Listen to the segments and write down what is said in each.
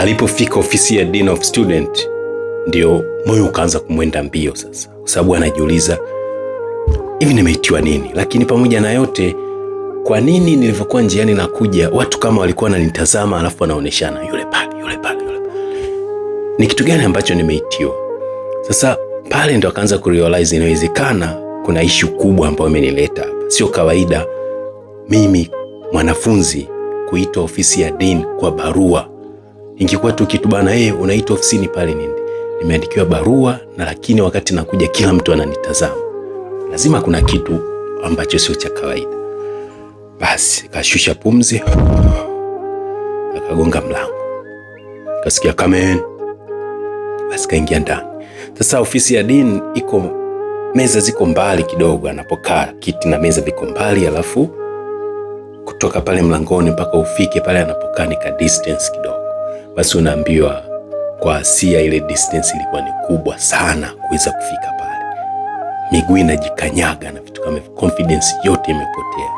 Alipofika ofisi ya Dean of Student, ndio moyo ukaanza kumwenda mbio sasa, kwa sababu anajiuliza hivi, nimeitiwa nini? Lakini pamoja na yote, kwa nini nilivyokuwa njiani nakuja watu kama walikuwa wananitazama, alafu wanaoneshana yule pale, yule pale, yule pale, ni kitu gani ambacho nimeitiwa? Sasa pale ndo akaanza kurealize inawezekana kuna ishu kubwa ambayo imenileta Sio kawaida mimi mwanafunzi kuitwa ofisi ya Dean kwa barua ingekuwa tu kitu bana, yeye eh, unaitwa ofisini pale nini, nimeandikiwa barua na lakini wakati nakuja kila mtu ananitazama. Lazima kuna kitu ambacho sio cha kawaida. Basi kashusha pumzi, akagonga mlango, kasikia kamen, basi kaingia ndani. Sasa ofisi ya Dean iko meza ziko mbali kidogo, anapokaa kiti na meza viko mbali, alafu kutoka pale mlangoni mpaka ufike pale anapokaa ni ka distance kidogo basi unaambiwa kwa Asia ile distance ilikuwa ni kubwa sana kuweza kufika pale, miguu inajikanyaga na vitu kama confidence yote imepotea.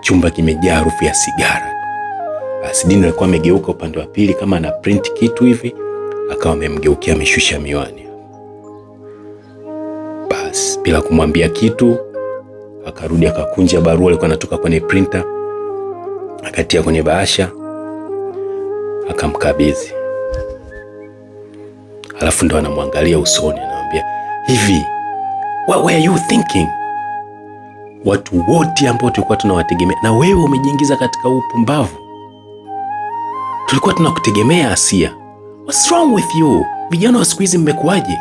Chumba kimejaa harufu ya sigara. Basi Dini alikuwa amegeuka upande wa pili kama ana print kitu hivi, akawa amemgeukea ameshusha miwani, basi bila kumwambia kitu akarudi akakunja barua alikuwa anatoka kwenye printer akatia kwenye bahasha akamkabidhi. Alafu ndo anamwangalia usoni, anamwambia hivi, what were you thinking? Watu wote ambao tulikuwa tunawategemea na wewe umejiingiza katika upumbavu. Tulikuwa tunakutegemea Asia. What's wrong with you? Vijana wa siku hizi mmekuwaje?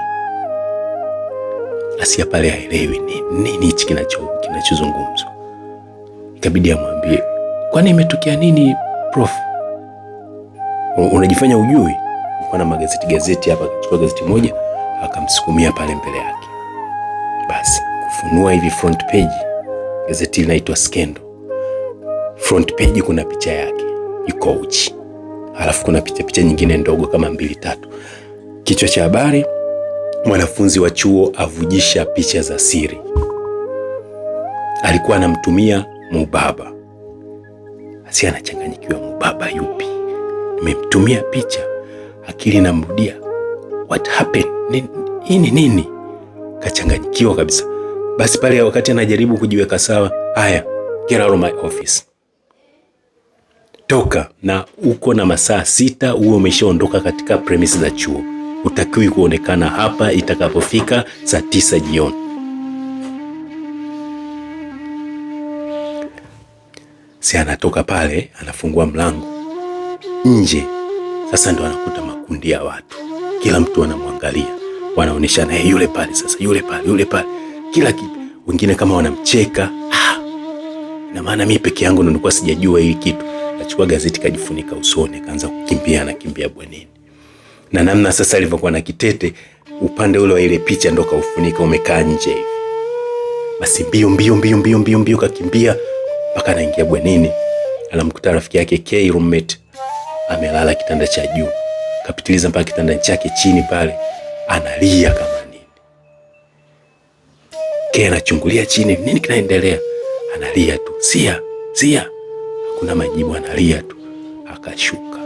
Asia pale haelewi nini hichi kinachozungumzwa, ikabidi amwambie, kwani imetokea nini prof? unajifanya ujui. Kwa na magazeti gazeti hapa, akachukua gazeti moja akamsukumia pale mbele yake, basi kufunua hivi front page. Gazeti linaitwa Skendo, front page kuna picha yake yuko uchi, alafu kuna picha picha nyingine ndogo kama mbili tatu. Kichwa cha habari, mwanafunzi wa chuo avujisha picha za siri, alikuwa anamtumia mubaba. Asi anachanganyikiwa, mubaba yupi? nimemtumia picha, akili namrudia, what happened, hii ni nini? Kachanganyikiwa kabisa. Basi pale wakati anajaribu kujiweka sawa, haya, get out of my office, toka na uko na masaa sita, uwe umeshaondoka katika premise za chuo, utakiwi kuonekana hapa itakapofika saa tisa jioni. Si anatoka pale, anafungua mlango nje. Sasa ndo anakuta makundi ya watu, kila mtu anamwangalia, wanaoneshana hey, yule pale, sasa yule pale, yule pale, kila kitu. Wengine kama wanamcheka ah! na maana mimi peke yangu ndo nilikuwa sijajua hii kitu. Kachukua gazeti kajifunika usoni, kaanza kukimbia, na kimbia bwenini, na namna sasa alivyokuwa na kitete upande ule wa ile picha ndo kaufunika umekaa nje Basi mbio mbio mbio mbio mbio mbio kakimbia mpaka anaingia bwenini, anamkuta rafiki yake K roommate amelala kitanda cha juu, kapitiliza mpaka kitanda chake chini pale, analia kama nini. Ke anachungulia chini, nini kinaendelea? Analia tu, sia sia, hakuna majibu, analia tu. Akashuka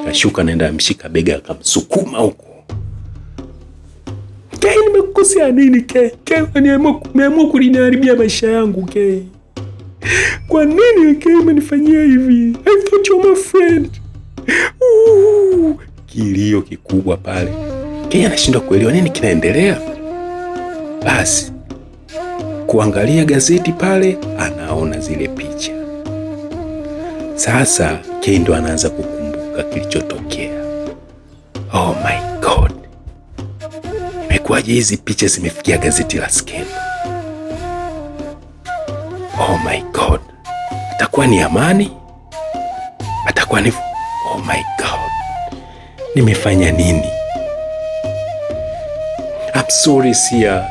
akashuka, naenda amshika bega, akamsukuma huko Kei, nimekukosea nini ke? Kei, nimeamua kuliniharibia maisha yangu ke? Kwa nini ke umenifanyia hivi? I thought you were my friend kilio kikubwa pale. Kenya anashindwa kuelewa nini kinaendelea. Basi kuangalia gazeti pale, anaona zile picha. Sasa Kei ndo anaanza kukumbuka kilichotokea. Oh my God, imekuwaje hizi picha zimefikia gazeti la Skendo? Oh my God, atakuwa ni amani? Atakuwa ni Oh my God, nimefanya nini? I'm sorry Sia,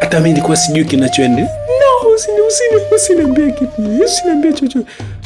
hata mimi nilikuwa sijui kinachoendelea. No, usiniambie kitu, usiniambie chochote.